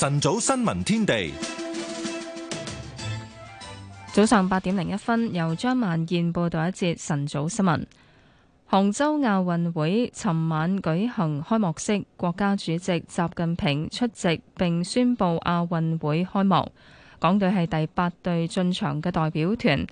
晨早新聞天地，早上八點零一分，由張萬燕報道一節晨早新聞。杭州亞運會尋晚舉行開幕式，國家主席習近平出席並宣布亞運會開幕。港隊係第八隊進場嘅代表團。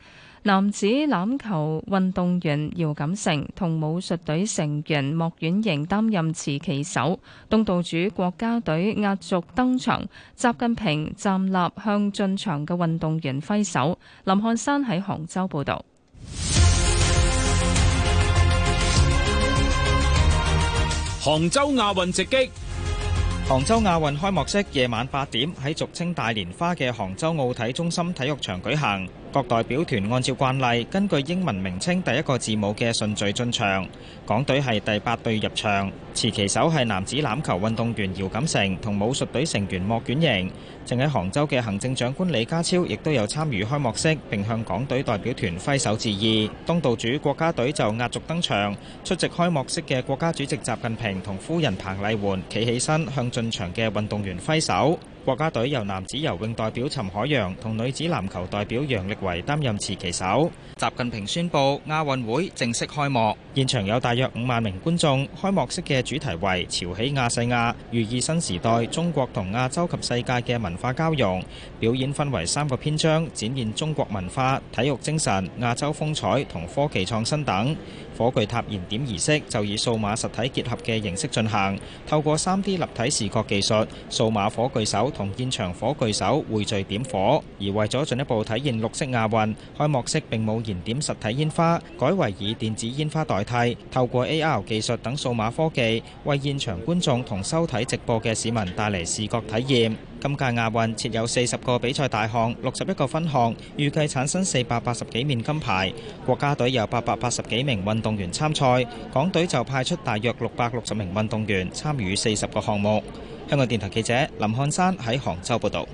男子欖球運動員姚錦成同武術隊成員莫婉瑩擔任持旗手，東道主國家隊壓軸登場。習近平站立向進場嘅運動員揮手。林漢山喺杭州報導。杭州亞運直擊，杭州亞運開幕式夜晚八點喺俗稱大蓮花嘅杭州奧體中心體育場舉行。各代表團按照慣例，根據英文名稱第一個字母嘅順序進場。港隊係第八隊入場，持旗手係男子欖球運動員姚錦成同武術隊成員莫卷瑩。正喺杭州嘅行政長官李家超亦都有參與開幕式，並向港隊代表團揮手致意。東道主國家隊就壓軸登場。出席開幕式嘅國家主席習近平同夫人彭麗媛企起身，向進場嘅運動員揮手。國家隊由男子游泳代表陳海洋同女子籃球代表楊力維擔任持旗手。習近平宣布亞運會正式開幕，現場有大約五萬名觀眾。開幕式嘅主題為「潮起亞細亞，寓意新時代」，中國同亞洲及世界嘅文化交融。表演分為三個篇章，展現中國文化、體育精神、亞洲風采同科技創新等。火炬塔燃點儀式就以數碼實體結合嘅形式進行，透過三 D 立體視覺技術，數碼火炬手，同現場火炬手匯聚點火，而為咗進一步體現綠色亞運，開幕式並冇燃點實體煙花，改為以電子煙花代替，透過 AR 技術等數碼科技，為現場觀眾同收睇直播嘅市民帶嚟視覺體驗。今屆亞運設有四十個比賽大項、六十一個分項，預計產生四百八十幾面金牌。國家隊有八百八十幾名運動員參賽，港隊就派出大約六百六十名運動員參與四十個項目。香港電台記者林漢山喺杭州報導。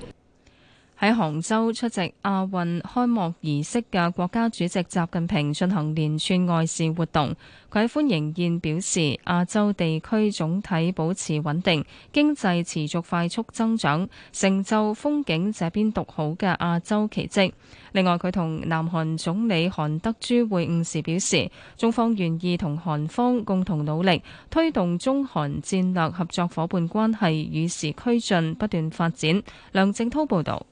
喺杭州出席亞運開幕儀式嘅國家主席習近平進行連串外事活動，佢喺歡迎宴表示，亞洲地區總體保持穩定，經濟持續快速增長，成就風景這邊獨好嘅亞洲奇蹟，另外，佢同南韓總理韓德珠會晤時表示，中方願意同韓方共同努力，推動中韓戰略合作伙伴關係與時俱進，不斷發展。梁正濤報道。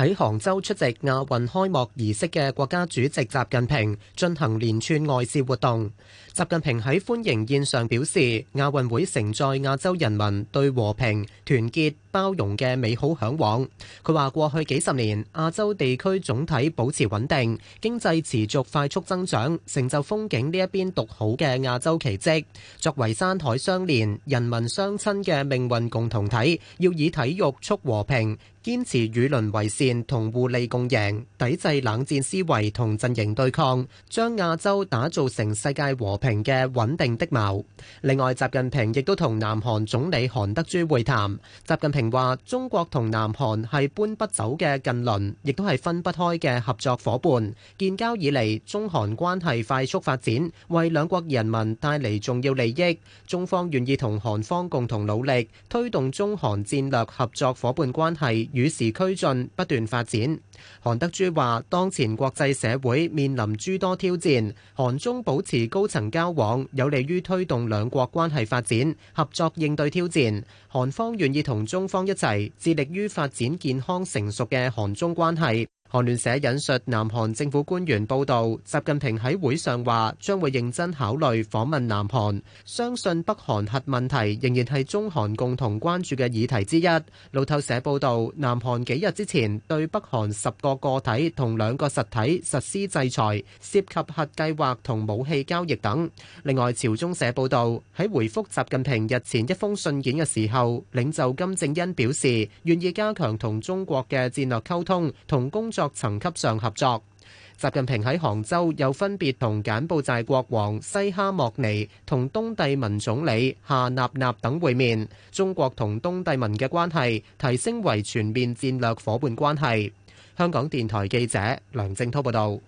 喺杭州出席亞運開幕儀式嘅國家主席習近平進行連串外事活動，習近平喺歡迎宴上表示，亞運會承載亞洲人民對和平、團結、包容嘅美好向往。佢話，過去幾十年，亞洲地區總體保持穩定，經濟持續快速增長，成就風景呢一邊獨好嘅亞洲奇蹟。作為山海相連、人民相親嘅命運共同體，要以體育促和平，堅持與鄰為善同互利共贏，抵制冷戰思維同陣營對抗，將亞洲打造成世界和平嘅穩定的錨。另外，習近平亦都同南韓總理韓德洙會談。習近平。話中國同南韓係搬不走嘅近鄰，亦都係分不開嘅合作夥伴。建交以嚟，中韓關係快速發展，為兩國人民帶嚟重要利益。中方願意同韓方共同努力，推動中韓戰略合作夥伴關係與時俱進，不斷發展。韓德珠話：當前國際社會面臨諸多挑戰，韓中保持高層交往，有利於推動兩國關係發展，合作應對挑戰。韓方願意同中。方一齊致力於發展健康成熟嘅韓中關係。韓聯社引述南韓政府官員報道，習近平喺會上話將會認真考慮訪問南韓。相信北韓核問題仍然係中韓共同關注嘅議題之一。路透社報道，南韓幾日之前對北韓十個個體同兩個實體實施制裁，涉及核計劃同武器交易等。另外，朝中社報道，喺回覆習近平日前一封信件嘅時候，領袖金正恩表示願意加強同中國嘅戰略溝通同工作各層級上合作。習近平喺杭州又分別同柬埔寨國王西哈莫尼同東帝汶總理夏納納等會面，中國同東帝汶嘅關係提升為全面戰略夥伴關係。香港電台記者梁正滔報道。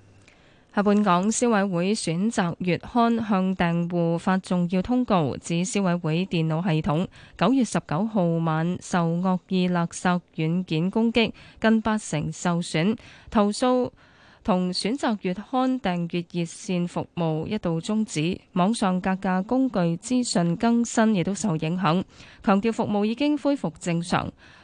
下半港消委會選擇月刊向訂戶發重要通告，指消委會電腦系統九月十九號晚受惡意勒索軟件攻擊，近八成受損，投訴同選擇月刊訂閱熱線服務一度終止，網上格價工具資訊更新亦都受影響，強調服務已經恢復正常。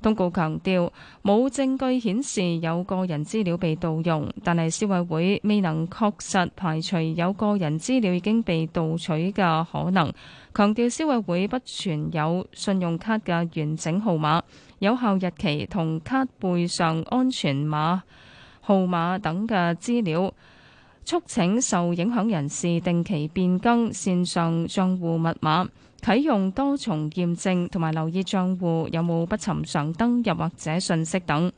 通告強調，冇證據顯示有個人資料被盜用，但係消委會未能確實排除有個人資料已經被盜取嘅可能。強調消委會不存有信用卡嘅完整號碼、有效日期同卡背上安全碼號碼等嘅資料。促請受影響人士定期變更線上帳戶密碼。啟用多重驗證同埋留意帳戶有冇不尋常登入或者信息等。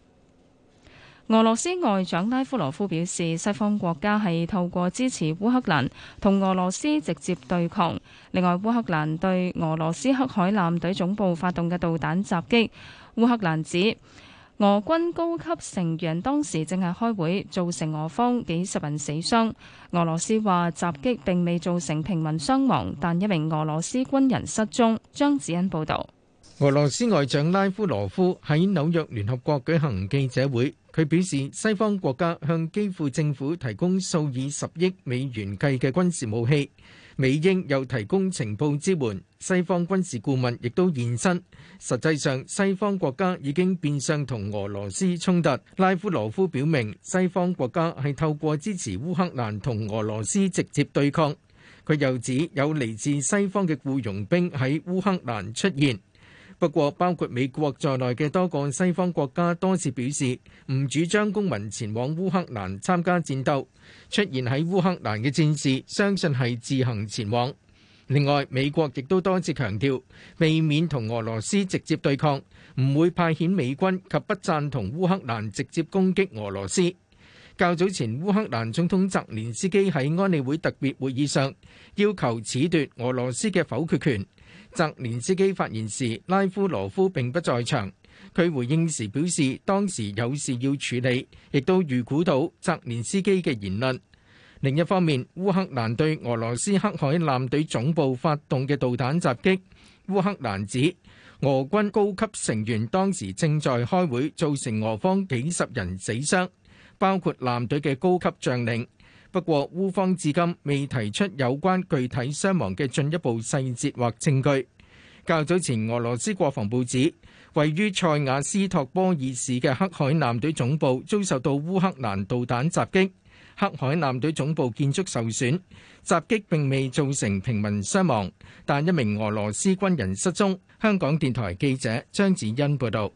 俄羅斯外長拉夫羅夫表示，西方國家係透過支持烏克蘭同俄羅斯直接對抗。另外，烏克蘭對俄羅斯黑海艦隊總部發動嘅導彈襲擊，烏克蘭指。俄軍高級成員當時正係開會，造成俄方幾十人死傷。俄羅斯話襲擊並未造成平民傷亡，但一名俄羅斯軍人失蹤。張子欣報導。俄羅斯外長拉夫羅夫喺紐約聯合國舉行記者會。佢表示，西方國家向基輔政府提供數以十億美元計嘅軍事武器，美英又提供情報支援，西方軍事顧問亦都現身。實際上，西方國家已經變相同俄羅斯衝突。拉夫羅夫表明，西方國家係透過支持烏克蘭同俄羅斯直接對抗。佢又指，有嚟自西方嘅僱傭兵喺烏克蘭出現。不過，包括美國在內嘅多個西方國家多次表示，唔主張公民前往烏克蘭參加戰鬥。出現喺烏克蘭嘅戰士，相信係自行前往。另外，美國亦都多次強調，避免同俄羅斯直接對抗，唔會派遣美軍及不贊同烏克蘭直接攻擊俄羅斯。較早前，烏克蘭總統澤連斯基喺安理會特別會議上，要求褫奪俄羅斯嘅否決權。澤連斯基發言時，拉夫羅夫並不在場。佢回應時表示，當時有事要處理，亦都預估到澤連斯基嘅言論。另一方面，烏克蘭對俄羅斯黑海艦隊總部發動嘅導彈襲擊，烏克蘭指俄軍高級成員當時正在開會，造成俄方幾十人死傷，包括艦隊嘅高級將領。不過，烏方至今未提出有關具體傷亡嘅進一步細節或證據。較早前，俄羅斯國防部指位於塞瓦斯托波爾市嘅黑海艦隊總部遭受到烏克蘭導彈襲擊，黑海艦隊總部建築受損，襲擊並未造成平民傷亡，但一名俄羅斯軍人失蹤。香港電台記者張子欣報道。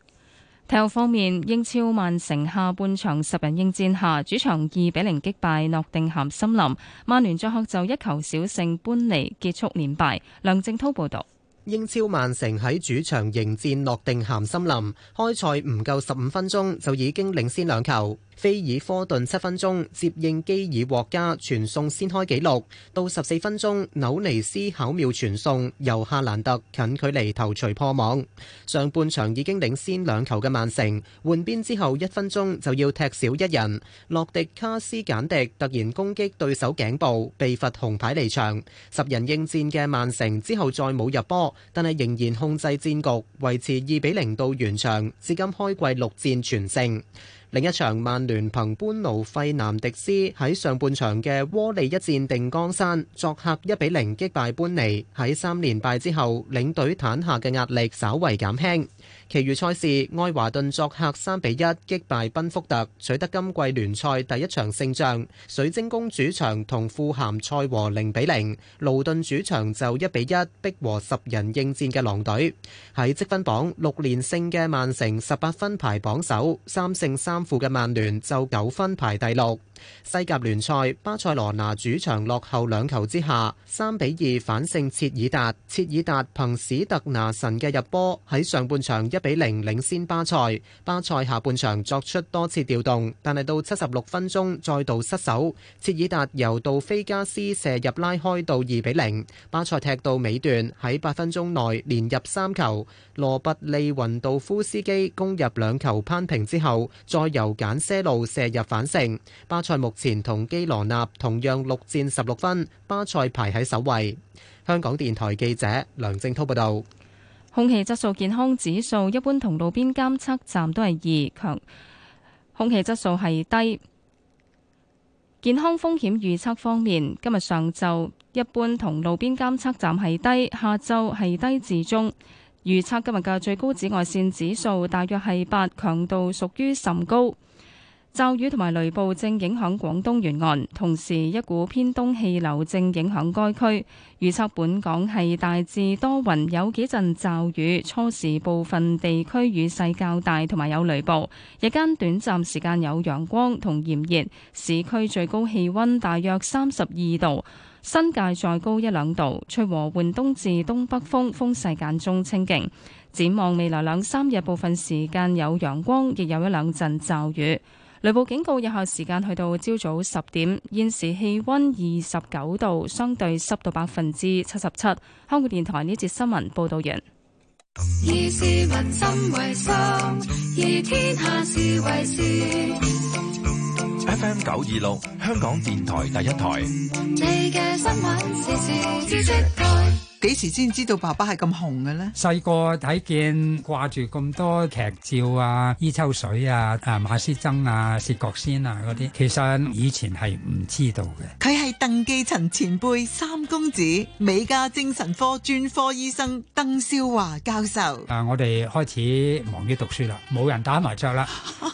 體育方面，英超曼城下半場十人應戰下，主場二比零擊敗諾定咸森林。曼聯作客就一球小勝般尼，般尼結束連敗。梁正濤報道：英超曼城喺主場迎戰諾定咸森林，開賽唔夠十五分鐘就已經領先兩球。菲爾科頓七分鐘接應基爾獲加傳送先開紀錄，到十四分鐘紐尼斯巧妙傳送，由夏蘭特近距離頭槌破網。上半場已經領先兩球嘅曼城換邊之後一分鐘就要踢少一人，洛迪卡斯簡迪突然攻擊對手頸部，被罰紅牌離場。十人應戰嘅曼城之後再冇入波，但係仍然控制戰局，維持二比零到完場。至今開季六戰全勝。另一場，曼聯憑般奴費南迪斯喺上半場嘅窩利一戰定江山，作客一比零擊敗般尼。喺三連敗之後，領隊坦下嘅壓力稍為減輕。其餘賽事，愛華頓作客三比一擊敗賓福特，取得今季聯賽第一場勝仗。水晶宮主場同富咸賽和零比零，盧頓主場就一比一逼和十人應戰嘅狼隊。喺積分榜，六連勝嘅曼城十八分排榜首，三勝三負嘅曼聯就九分排第六。西甲聯賽，巴塞羅那主場落後兩球之下，三比二反勝切爾達。切爾達憑史特拿神嘅入波喺上半場一比零領先巴塞。巴塞下半場作出多次調動，但係到七十六分鐘再度失手。切爾達由杜菲加斯射入拉開到二比零。巴塞踢到尾段喺八分鐘內連入三球。羅拔利雲道夫斯基攻入兩球攀平之後，再由簡些路射入反勝巴塞目前同基羅納同樣六戰十六分，巴塞排喺首位。香港電台記者梁正濤報道：空氣質素健康指數一般同路邊監測站都係二強，空氣質素係低。健康風險預測方面，今日上晝一般同路邊監測站係低，下晝係低至中。預測今日嘅最高紫外線指數大約係八，強度屬於甚高。驟雨同埋雷暴正影響廣東沿岸，同時一股偏東氣流正影響該區。預測本港係大致多雲，有幾陣驟雨，初時部分地區雨勢較大，同埋有雷暴。日間短暫時間有陽光同炎熱，市區最高氣溫大約三十二度，新界再高一兩度。吹和緩東至東北風，風勢間中清勁。展望未來兩三日，部分時間有陽光，亦有一兩陣驟雨。雷暴警告，有效時間去到朝早十點，現時氣温二十九度，相對濕度百分之七十七。香港電台呢節新聞報道完。F M 九二六， 26, 香港電台第一台。幾時先知道爸爸係咁紅嘅呢？細個睇見掛住咁多劇照啊，伊秋水啊，啊馬師曾啊，薛覺先啊嗰啲，其實以前係唔知道嘅。佢係鄧寄塵前輩三公子，美加精神科專科醫生鄧少華教授。啊，我哋開始忙於讀書啦，冇人打麻雀啦。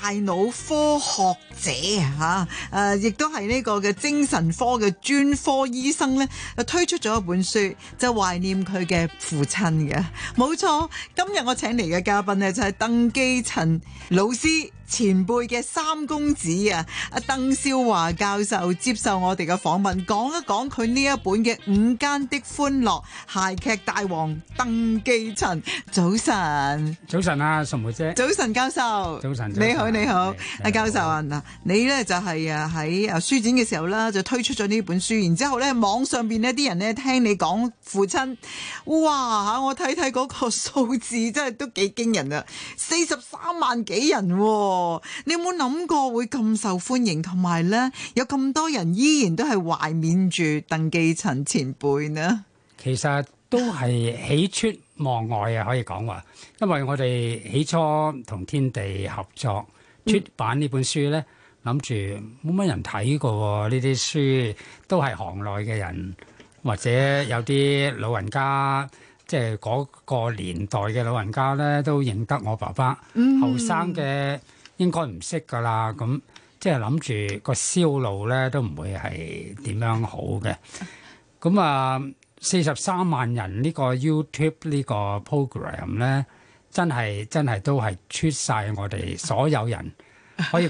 大腦科學者嚇，誒亦都係呢個嘅精神科嘅專科醫生咧，推出咗一本書，就懷念佢嘅父親嘅，冇錯。今日我請嚟嘅嘉賓咧，就係鄧基陳老師。前輩嘅三公子啊，阿鄧少華教授接受我哋嘅訪問，講一講佢呢一本嘅《午間的歡樂》。諧劇大王鄧寄塵，早晨，早晨啊，岑梅姐，早晨好教授，早晨，你好你好，阿教授啊，嗱，你呢就係啊喺啊書展嘅時候啦，就推出咗呢本書，然之後呢，網上面呢啲人呢，聽你講父親，哇嚇我睇睇嗰個數字真係都幾驚人啊，四十三萬幾人喎，啊！你有冇諗過會咁受歡迎，同埋咧有咁多人依然都係懷緬住鄧寄塵前輩呢？其實都係喜出望外啊，可以講話。因為我哋起初同天地合作出版呢本書咧，諗住冇乜人睇噶喎。呢啲書都係行內嘅人，或者有啲老人家，即係嗰個年代嘅老人家咧，都認得我爸爸。嗯，後生嘅。應該唔識噶啦，咁即係諗住個銷路咧都唔會係點樣好嘅。咁啊，四十三萬人呢個 YouTube 呢個 program 咧，真係真係都係出晒我哋所有人可以。